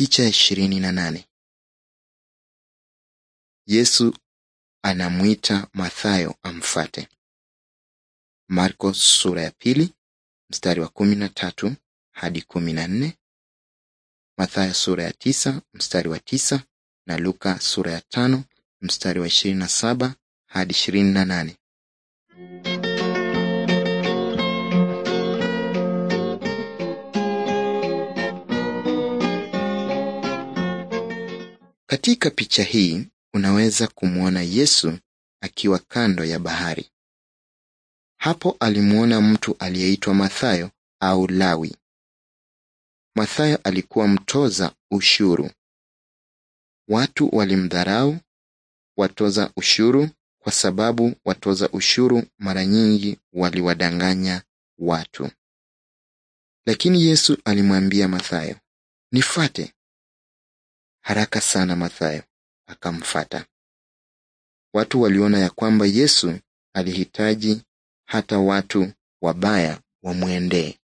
Picha ishirini na nane Yesu anamwita Mathayo amfate. Marko sura ya pili mstari wa kumi na tatu hadi kumi na nne Mathayo sura ya tisa mstari wa tisa na Luka sura ya tano mstari wa ishirini na saba hadi ishirini na nane Katika picha hii unaweza kumwona Yesu akiwa kando ya bahari. Hapo alimwona mtu aliyeitwa Mathayo au Lawi. Mathayo alikuwa mtoza ushuru. Watu walimdharau watoza ushuru kwa sababu watoza ushuru mara nyingi waliwadanganya watu. Lakini Yesu alimwambia Mathayo, "Nifate." Haraka sana Mathayo akamfata. Watu waliona ya kwamba Yesu alihitaji hata watu wabaya wamwendee.